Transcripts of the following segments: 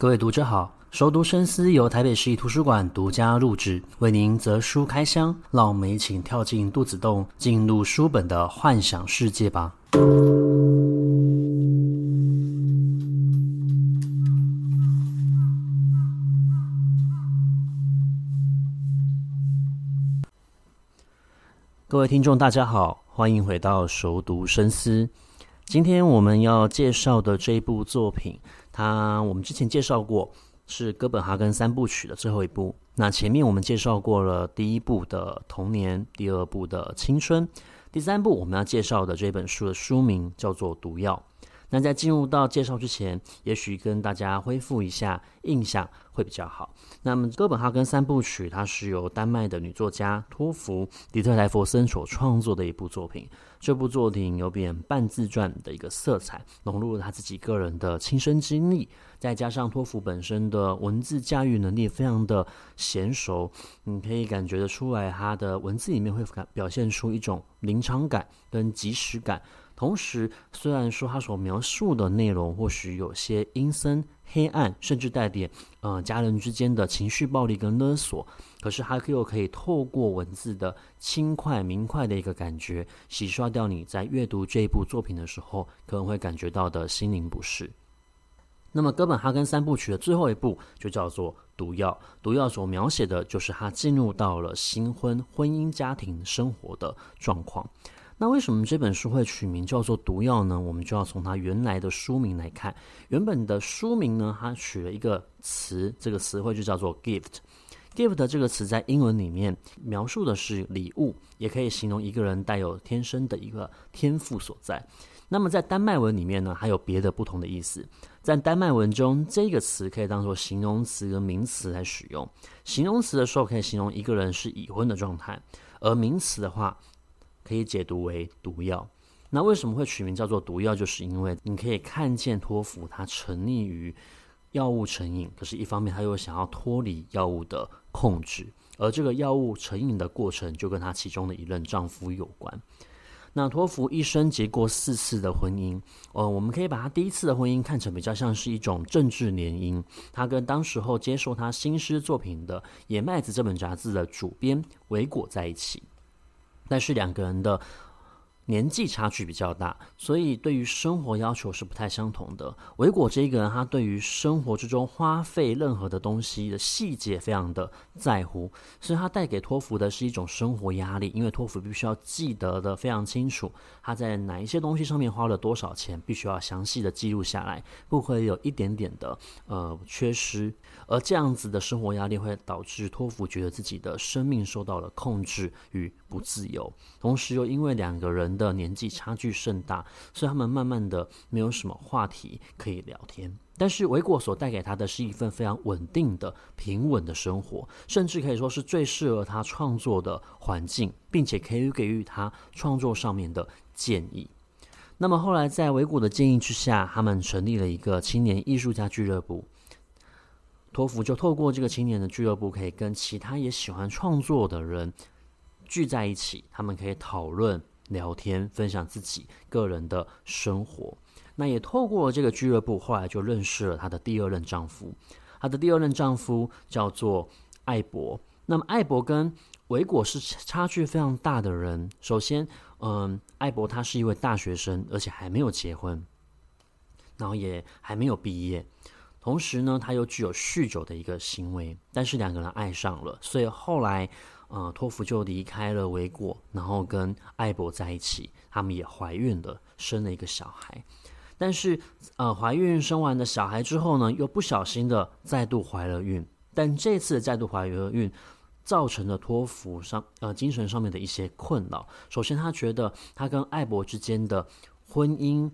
各位讀者好，熟讀深思由台北市立圖書館獨家錄製，為您擇書開箱，讓我們一起跳進肚子洞，進入書本的幻想世界吧。各位聽眾大家好，歡迎回到熟讀深思。今天我們要介紹的這部作品。他我們之前介紹過，是哥本哈根三部曲的最後一部。那前面我們介紹過了第一部的童年，第二部的青春，第三部我們要介紹的這本書的書名叫做《毒藥》。那在進入到介紹之前，也許跟大家恢復一下印象會比較好。那麼《哥本哈根三部曲》它是由丹麥的女作家托芙迪特萊弗森所創作的一部作品。這部作品有點半自傳的一個色彩，融入了她自己個人的親身經歷，再加上托芙本身的文字駕馭能力非常的嫻熟，你可以感覺得出來，他的文字裡面會表現出一種臨場感跟即時感。同時，雖然說他所描述的內容或許有些陰森、黑暗，甚至帶點呃家人之間的情緒暴力跟勒索，可是他卻又可以透過文字的輕快、明快的一個感覺，洗刷掉你在閱讀這一部作品的時候可能會感覺到的心靈不適。那麼，《哥本哈根三部曲》的最後一部就叫做《毒藥》，《毒藥》所描寫的就是他進入到了新婚、婚姻、家庭生活的狀況。那為什麼這本書會取名叫做《毒藥》呢？我們就要從它原來的書名來看。原本的書名呢，它取了一個詞，這個詞彙就叫做 “gift”。“gift” 這個詞在英文裡面描述的是禮物，也可以形容一個人帶有天生的一個天賦所在。那麼在丹麥文裡面呢，還有別的不同的意思。在丹麥文中，這個詞可以當做形容詞和名詞來使用。形容詞的時候，可以形容一個人是已婚的狀態；而名詞的話，可以解讀為毒藥。那為什麼會取名叫做毒藥？就是因為你可以看見托芙他沉溺於藥物成癮，可是一方面他又想要脫離藥物的控制，而這個藥物成癮的過程就跟他其中的一任丈夫有關。那托芙一生結過四次的婚姻，呃，我們可以把他第一次的婚姻看成比較像是一種政治聯姻，他跟當時候接受他新詩作品的《野麥子》這本雜誌的主編維果在一起。但是兩個人的。年紀差距比較大，所以對於生活要求是不太相同的。維果這一個人，他對於生活之中花費任何的東西的細節非常的在乎，所以他帶給托福的是一種生活壓力。因為托福必須要記得的非常清楚，他在哪一些東西上面花了多少錢，必須要詳細的記錄下來，不會有一點點的呃缺失。而這樣子的生活壓力會導致托福覺得自己的生命受到了控制與不自由，同時又因為兩個人。的年紀差距甚大，所以他們慢慢的沒有什麼話題可以聊天。但是維果所帶給他的是一份非常穩定的、平穩的生活，甚至可以說是最適合他創作的環境，並且可以給予他創作上面的建議。那麼後來，在維果的建議之下，他們成立了一個青年藝術家俱樂部。托夫就透過這個青年的俱樂部，可以跟其他也喜歡創作的人聚在一起，他們可以討論。聊天，分享自己個人的生活，那也透過這個俱樂部，後來就認識了她的第二任丈夫。她的第二任丈夫叫做艾博。那麼艾博跟維果是差距非常大的人。首先，嗯，艾博他是一位大學生，而且還沒有結婚，然後也還沒有畢業。同時呢，他又具有酗酒的一個行為。但是兩個人愛上了，所以後來。呃、嗯，托芙就離開了維果，然後跟艾博在一起，他們也懷孕了，生了一個小孩。但是，呃，懷孕生完的小孩之後呢，又不小心的再度懷了孕。但這次再度懷了孕，造成了托芙上呃精神上面的一些困擾。首先，他覺得他跟艾博之間的婚姻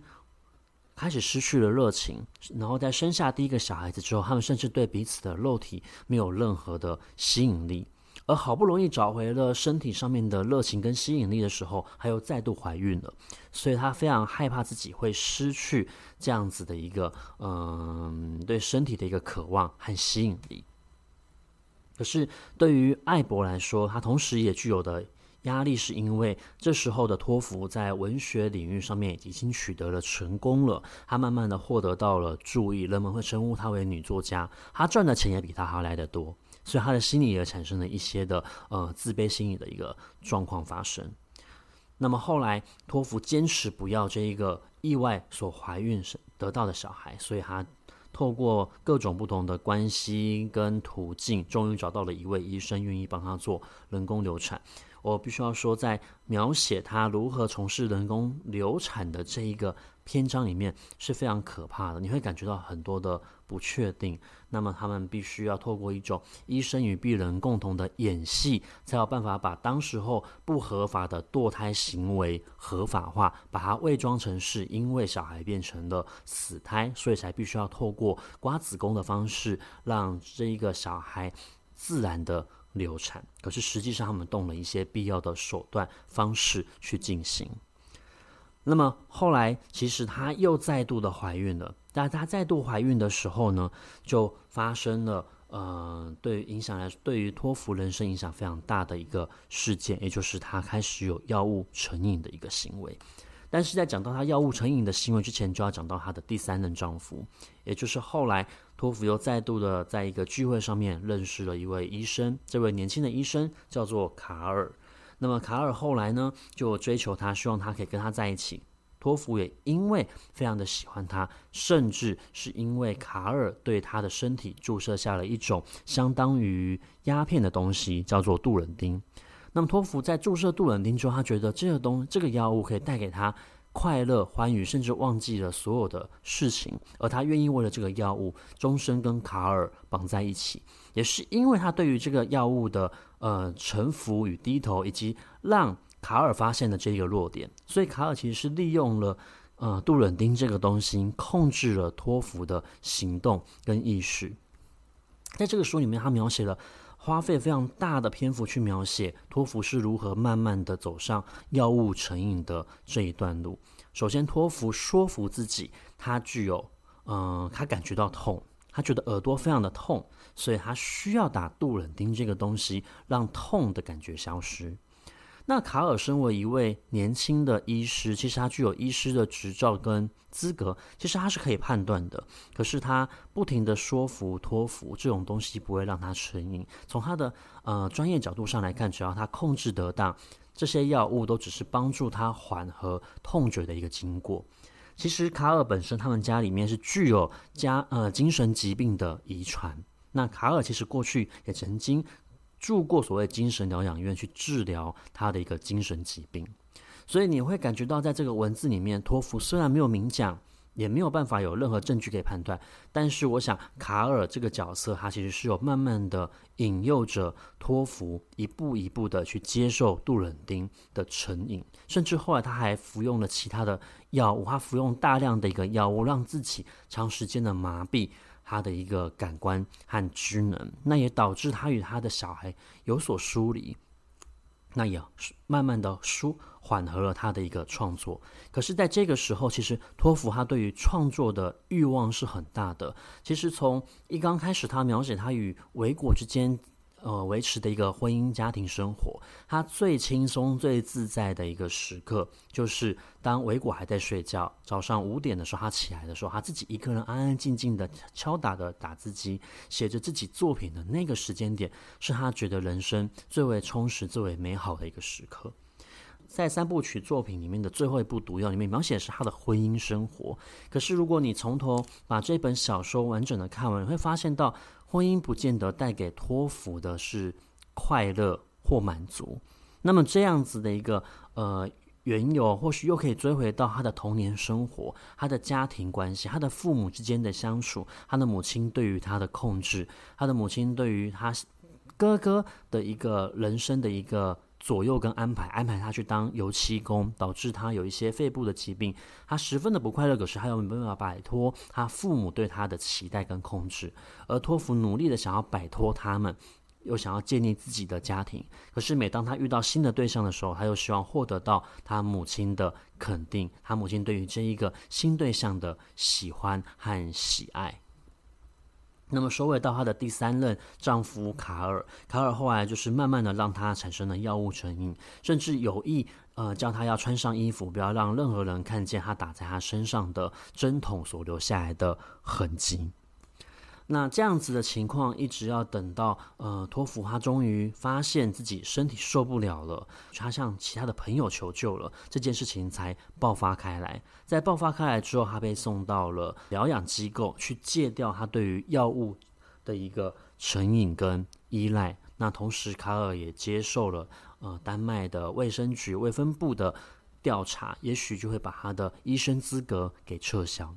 開始失去了熱情。然後，在生下第一個小孩子之後，他們甚至對彼此的肉體沒有任何的吸引力。而好不容易找回了身體上面的熱情跟吸引力的時候，她又再度懷孕了，所以她非常害怕自己會失去這樣子的一個，嗯，對身體的一個渴望和吸引力。可是對於艾博來說，她同時也具有的壓力，是因為這時候的托芙在文學領域上面已經取得了成功了，她慢慢的獲得到了注意，人們會稱呼她為女作家，她賺的錢也比他還來得多。所以他的心理也產生了一些的呃自卑心理的一個狀況發生。那麼後來，托芙堅持不要這一個意外所懷孕得到的小孩，所以他透過各種不同的關係跟途徑，終於找到了一位醫生願意幫他做人工流產。我必須要說，在描寫他如何從事人工流產的這一個篇章裡面是非常可怕的，你會感覺到很多的，不確定，那麼他們必須要透過一種醫生與病人共同的演戲，才有辦法把當時候不合法的墮胎行為合法化，把它偽裝成是因為小孩變成了死胎，所以才必須要透過刮子宮的方式讓這一個小孩自然的流產。可是實際上，他們動了一些必要的手段方式去進行。那麼後來，其實她又再度的懷孕了。但她再度懷孕的時候呢，就發生了，嗯、呃，對於影響來，對於托芙人生影響非常大的一個事件，也就是她開始有藥物成癮的一個行為。但是在講到她藥物成癮的行為之前，就要講到她的第三任丈夫，也就是後來托芙又再度的在一個聚會上面認識了一位醫生，這位年輕的醫生叫做卡爾。那麼卡爾後來呢，就追求她，希望她可以跟他在一起。托福也因為非常的喜歡他，甚至是因為卡爾對他的身體注射下了一種相當於鴉片的東西，叫做杜冷丁。那麼托福在注射杜冷丁之後，他覺得這個東這個藥物可以帶給他快樂、歡愉，甚至忘記了所有的事情，而他願意為了這個藥物終身跟卡爾綁在一起。也是因為他對於這個藥物的呃臣服與低頭，以及讓。卡爾發現的這個弱點，所以卡爾其實是利用了呃杜冷丁這個東西，控制了托福的行動跟意識。在這個書裡面，他描寫了花費非常大的篇幅去描寫托福是如何慢慢的走上藥物成癮的這一段路。首先，托福說服自己，他具有嗯、呃，他感覺到痛，他覺得耳朵非常的痛，所以他需要打杜冷丁這個東西，讓痛的感覺消失。那卡爾身為一位年輕的醫師，其實他具有醫師的執照跟資格，其實他是可以判斷的。可是他不停的說服托服這種東西不會讓他成癮。從他的呃專業角度上來看，只要他控制得當，這些藥物都只是幫助他緩和痛覺的一個經過。其實卡爾本身他們家裡面是具有家呃精神疾病的遺傳。那卡爾其實過去也曾經。住過所謂精神療養院去治療他的一個精神疾病，所以你會感覺到在這個文字裡面，托芙雖然沒有明講，也沒有辦法有任何證據可以判斷，但是我想卡爾這個角色，他其實是有慢慢的引誘着托芙一步一步的去接受杜冷丁的成癮，甚至後來他還服用了其他的藥，他服用大量的一個藥物，讓自己長時間的麻痹。他的一個感官和職能，那也導致他與他的小孩有所疏離，那也慢慢的疏緩和了他的一個創作。可是，在這個時候，其實托芙他對於創作的慾望是很大的。其實，從一剛開始，他描寫他與維果之間。呃，維持的一個婚姻家庭生活，他最輕鬆、最自在的一個時刻，就是當維果還在睡覺，早上五點的時候，他起來的時候，他自己一個人安安靜靜的敲打着打字機，寫着自己作品的那個時間點，是他覺得人生最為充實、最為美好的一個時刻。在三部曲作品裡面的最後一部《毒藥》裡面描寫的是他的婚姻生活，可是如果你從頭把這本小說完整的看完，你會發現到。婚姻不見得帶給托芙的是快樂或滿足，那麼這樣子的一個呃緣由，或許又可以追回到他的童年生活、他的家庭關係、他的父母之間的相處、他的母親對於他的控制、他的母親對於他哥哥的一個人生的一個。左右跟安排，安排他去當油漆工，導致他有一些肺部的疾病，他十分的不快樂。可是他又沒辦法擺脫他父母對他的期待跟控制，而托芙努力的想要擺脫他們，又想要建立自己的家庭。可是每當他遇到新的對象的時候，他又希望獲得到他母親的肯定，他母親對於這一個新對象的喜歡和喜愛。那麼，收尾到她的第三任丈夫卡爾，卡爾後來就是慢慢的讓她產生了藥物成癮，甚至有意，呃，叫她要穿上衣服，不要讓任何人看見她打在她身上的針筒所留下來的痕跡。那這樣子的情況一直要等到呃托福，他終於發現自己身體受不了了，他向其他的朋友求救了，這件事情才爆發開來。在爆發開來之後，他被送到了療養機構去戒掉他對於藥物的一個成癮跟依賴。那同時，卡爾也接受了呃丹麥的衛生局衛分部的調查，也許就會把他的醫生資格給撤銷。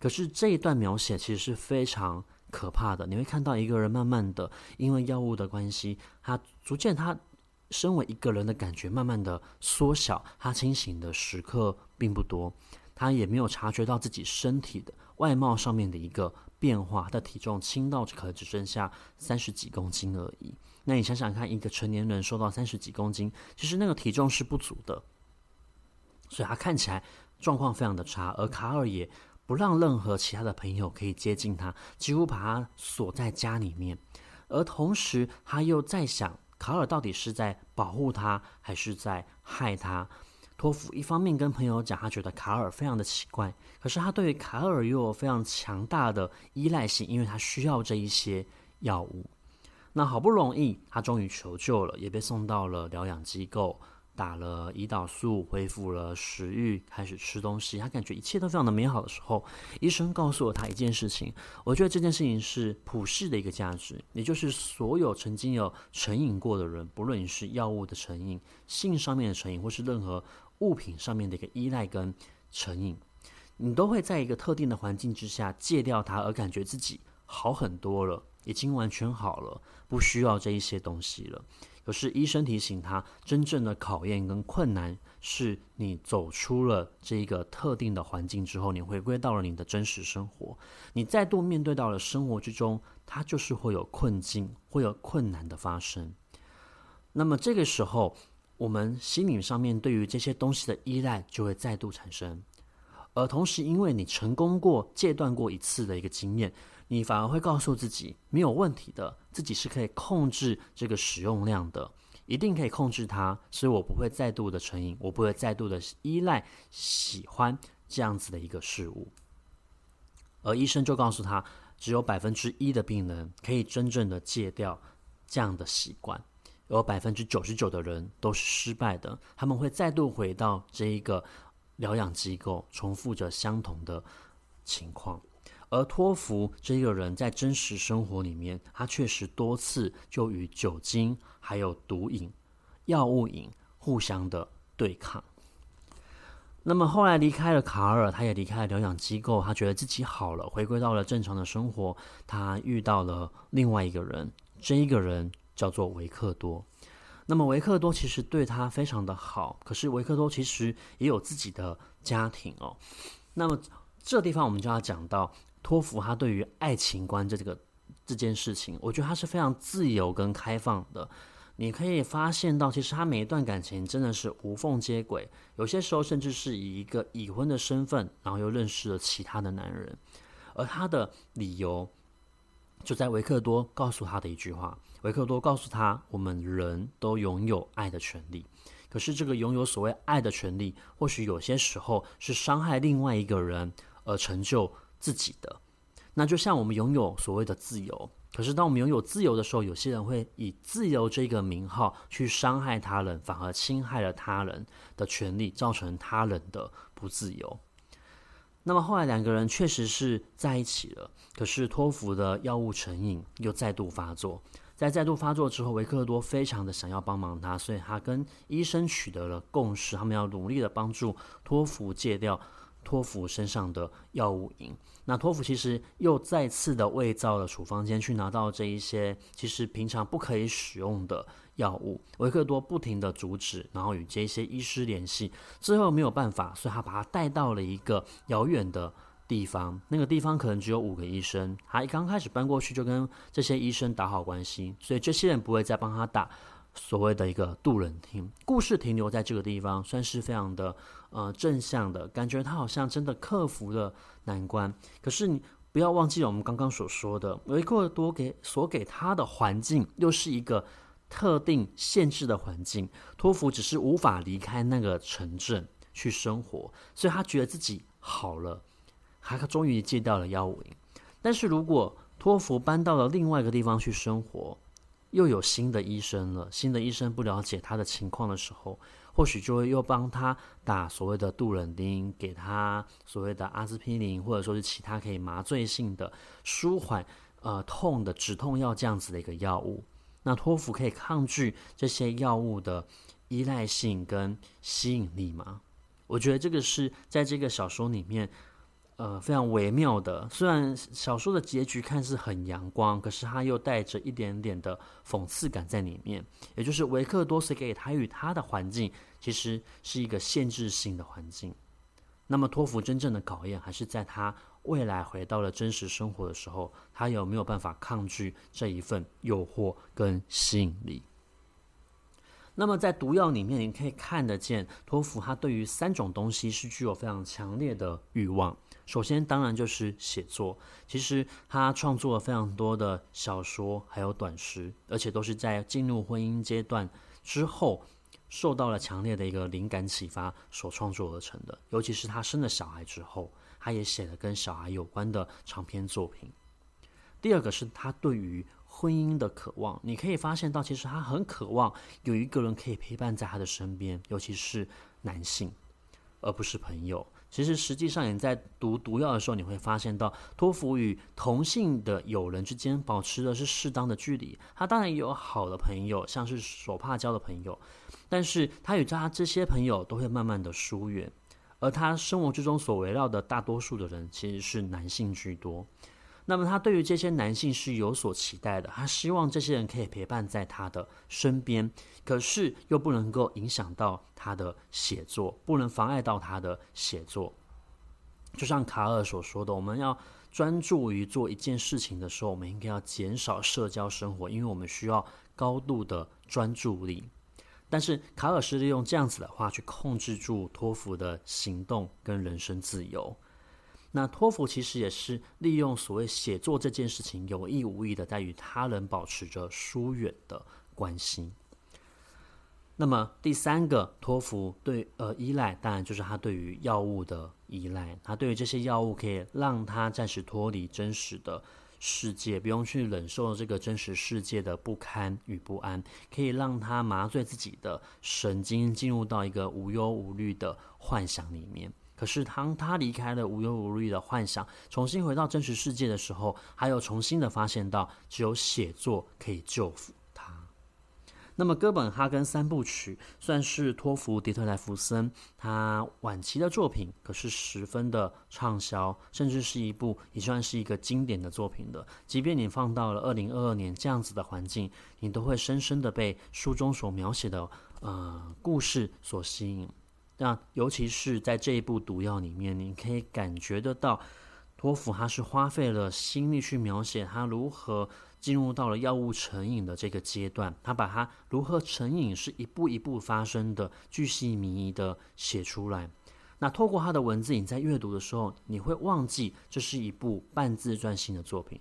可是這一段描寫其實是非常。可怕的，你會看到一個人慢慢的，因為藥物的關係，他逐漸他身為一個人的感覺慢慢的縮小，他清醒的時刻並不多，他也沒有察覺到自己身體的外貌上面的一個變化，他的體重輕到可能只剩下三十幾公斤而已。那你想想看，一個成年人瘦到三十幾公斤，其實那個體重是不足的，所以他看起來狀況非常的差，而卡爾也不讓任何其他的朋友可以接近他，幾乎把他鎖在家裡面。而同時，他又在想，卡爾到底是在保護他，還是在害他？托夫一方面跟朋友講，他覺得卡爾非常的奇怪，可是他對於卡爾又有非常強大的依賴性，因為他需要這一些藥物。那好不容易，他終於求救了，也被送到了療養機構。打了胰島素，恢復了食欲，開始吃東西。他感覺一切都非常的美好的時候，醫生告訴了他一件事情。我覺得這件事情是普世的一個價值，也就是所有曾經有成癮過的人，不論你是藥物的成癮、性上面的成癮，或是任何物品上面的一個依賴跟成癮，你都會在一個特定的環境之下戒掉它，而感覺自己好很多了，已經完全好了，不需要這一些東西了。可是醫生提醒他，真正的考驗跟困難是你走出了這一個特定的環境之後，你回歸到了你的真實生活，你再度面對到了生活之中，它就是會有困境，會有困難的發生。那麼這個時候，我們心理上面對於這些東西的依賴就會再度產生，而同時，因為你成功過戒斷過一次的一個經驗。你反而會告訴自己沒有問題的，自己是可以控制這個使用量的，一定可以控制它，所以我不會再度的成癮，我不會再度的依賴喜歡這樣子的一個事物。而醫生就告訴他，只有百分之一的病人可以真正的戒掉這樣的習慣，而百分之九十九的人都是失敗的，他們會再度回到這一個療養機構，重複着相同的情況。而托福這一個人在真實生活裡面，他確實多次就與酒精還有毒癮、藥物癮互相的對抗。那麼後來離開了卡爾，他也離開了療養機構，他覺得自己好了，回歸到了正常的生活。他遇到了另外一個人，這一個人叫做維克多。那麼維克多其實對他非常的好，可是維克多其實也有自己的家庭哦。那麼這地方我們就要講到。托芙他對於愛情觀這這個這件事情，我覺得他是非常自由跟開放的。你可以發現到，其實他每一段感情真的是無縫接軌，有些時候甚至是以一個已婚的身份，然後又認識了其他的男人，而他的理由就在維克多告訴他的一句話：“維克多告訴他，我們人都擁有愛的權利，可是這個擁有所謂愛的權利，或許有些時候是傷害另外一個人而成就。”自己的，那就像我們擁有所謂的自由，可是當我們擁有自由的時候，有些人會以自由這個名號去傷害他人，反而侵害了他人的權利，造成他人的不自由。那麼後來兩個人確實是在一起了，可是托福的藥物成癮又再度發作。在再度發作之後，維克多非常的想要幫忙他，所以他跟醫生取得了共識，他們要努力的幫助托福戒掉。托芙身上的藥物癮，那托芙其實又再次的偽造了處方箋去拿到這一些其實平常不可以使用的藥物。維克多不停地阻止，然後與這些醫師聯繫，之後沒有辦法，所以他把他帶到了一個遙遠的地方。那個地方可能只有五個醫生，他一剛開始搬過去就跟這些醫生打好關係，所以這些人不會再幫他打。所謂的一個渡人聽，故事停留在這個地方，算是非常的呃正向的感覺。他好像真的克服了難關。可是你不要忘記了，我們剛剛所說的，維克多給所給他的環境又是一個特定限制的環境。托芙只是無法離開那個城鎮去生活，所以他覺得自己好了，他終於戒掉了藥癮。但是如果托芙搬到了另外一個地方去生活，又有新的醫生了。新的醫生不了解他的情況的時候，或許就會又幫他打所謂的杜冷丁，給他所謂的阿司匹林，或者說是其他可以麻醉性的舒緩呃痛的止痛藥這樣子的一個藥物。那托福可以抗拒這些藥物的依賴性跟吸引力嗎？我覺得這個是在這個小說裡面。呃，非常微妙的。雖然小說的結局看似很陽光，可是它又帶着一點點的諷刺感在裡面。也就是維克多·斯給他與他的環境其實是一個限制性的環境。那麼托芙真正的考驗還是在他未來回到了真實生活的時候，他有沒有辦法抗拒這一份誘惑跟吸引力？那麼在毒藥裡面，你可以看得見托芙他對於三種東西是具有非常強烈的慾望。首先，當然就是寫作。其實他創作了非常多的小說，還有短詩，而且都是在進入婚姻階段之後，受到了強烈的一個靈感啟發所創作而成的。尤其是他生了小孩之後，他也寫了跟小孩有關的長篇作品。第二個是他對於婚姻的渴望，你可以發現到，其實他很渴望有一個人可以陪伴在他的身邊，尤其是男性，而不是朋友。其實實際上，你在讀《毒藥》的時候，你會發現到托芙與同性的友人之間保持的是適當的距離。他當然也有好的朋友，像是手帕交的朋友，但是他與他這些朋友都會慢慢的疏遠，而他生活之中所圍繞的大多數的人，其實是男性居多。那麼他對於這些男性是有所期待的，他希望這些人可以陪伴在他的身邊，可是又不能夠影響到他的寫作，不能妨礙到他的寫作。就像卡爾所說的，我們要專注於做一件事情的時候，我們應該要減少社交生活，因為我們需要高度的專注力。但是卡爾是利用這樣子的話去控制住托芙的行動跟人身自由。那托福其實也是利用所謂寫作這件事情，有意無意的在與他人保持着疏遠的關係。那麼第三個托福對呃依賴，當然就是他對於藥物的依賴。他對於這些藥物可以讓他暫時脫離真實的世界，不用去忍受這個真實世界的不堪與不安，可以讓他麻醉自己的神經，進入到一個無憂無慮的幻想裡面。可是，當他離開了無憂無慮的幻想，重新回到真實世界的時候，還有重新的發現到，只有寫作可以救贖他。那麼，《哥本哈根三部曲》算是托福迪特萊弗森他晚期的作品，可是十分的暢銷，甚至是一部也算是一個經典的作品的。即便你放到了二零二二年這樣子的環境，你都會深深的被書中所描寫的呃故事所吸引。那尤其是在這一部《毒藥》裡面，你可以感覺得到，托夫他是花費了心力去描寫他如何進入到了藥物成癮的這個階段，他把他如何成癮是一步一步發生的，巨細靡遺的寫出來。那透過他的文字，你在閱讀的時候，你會忘記這是一部半自傳性的作品。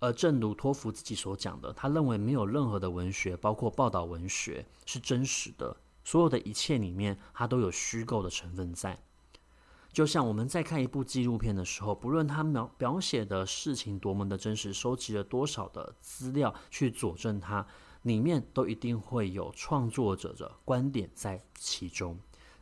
而正如托夫自己所講的，他認為沒有任何的文學，包括報道文學，是真實的。所有的一切裡面，它都有虛構的成分在。就像我們在看一部紀錄片的時候，不論它描描寫的事情多麼的真實，收集了多少的資料去佐證它，裡面都一定會有創作者的觀點在其中。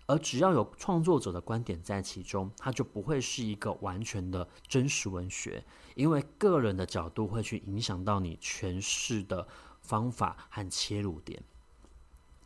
而只要有創作者的觀點在其中，它就不會是一個完全的真實文學，因為個人的角度會去影響到你詮釋的方法和切入點。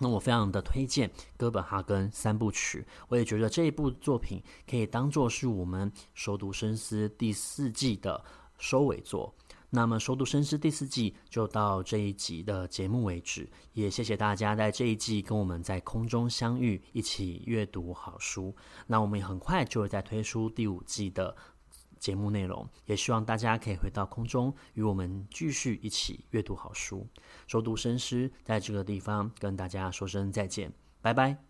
那我非常的推薦《哥本哈根三部曲》，我也覺得這一部作品可以當做是我們“熟讀深思”第四季的收尾作。那麼“熟讀深思”第四季就到這一集的節目為止，也謝謝大家在這一季跟我們在空中相遇，一起閱讀好書。那我們也很快就會再推出第五季的節目內容，也希望大家可以回到空中，與我們繼續一起閱讀好書，熟讀深思。在這個地方跟大家說聲再見，拜拜。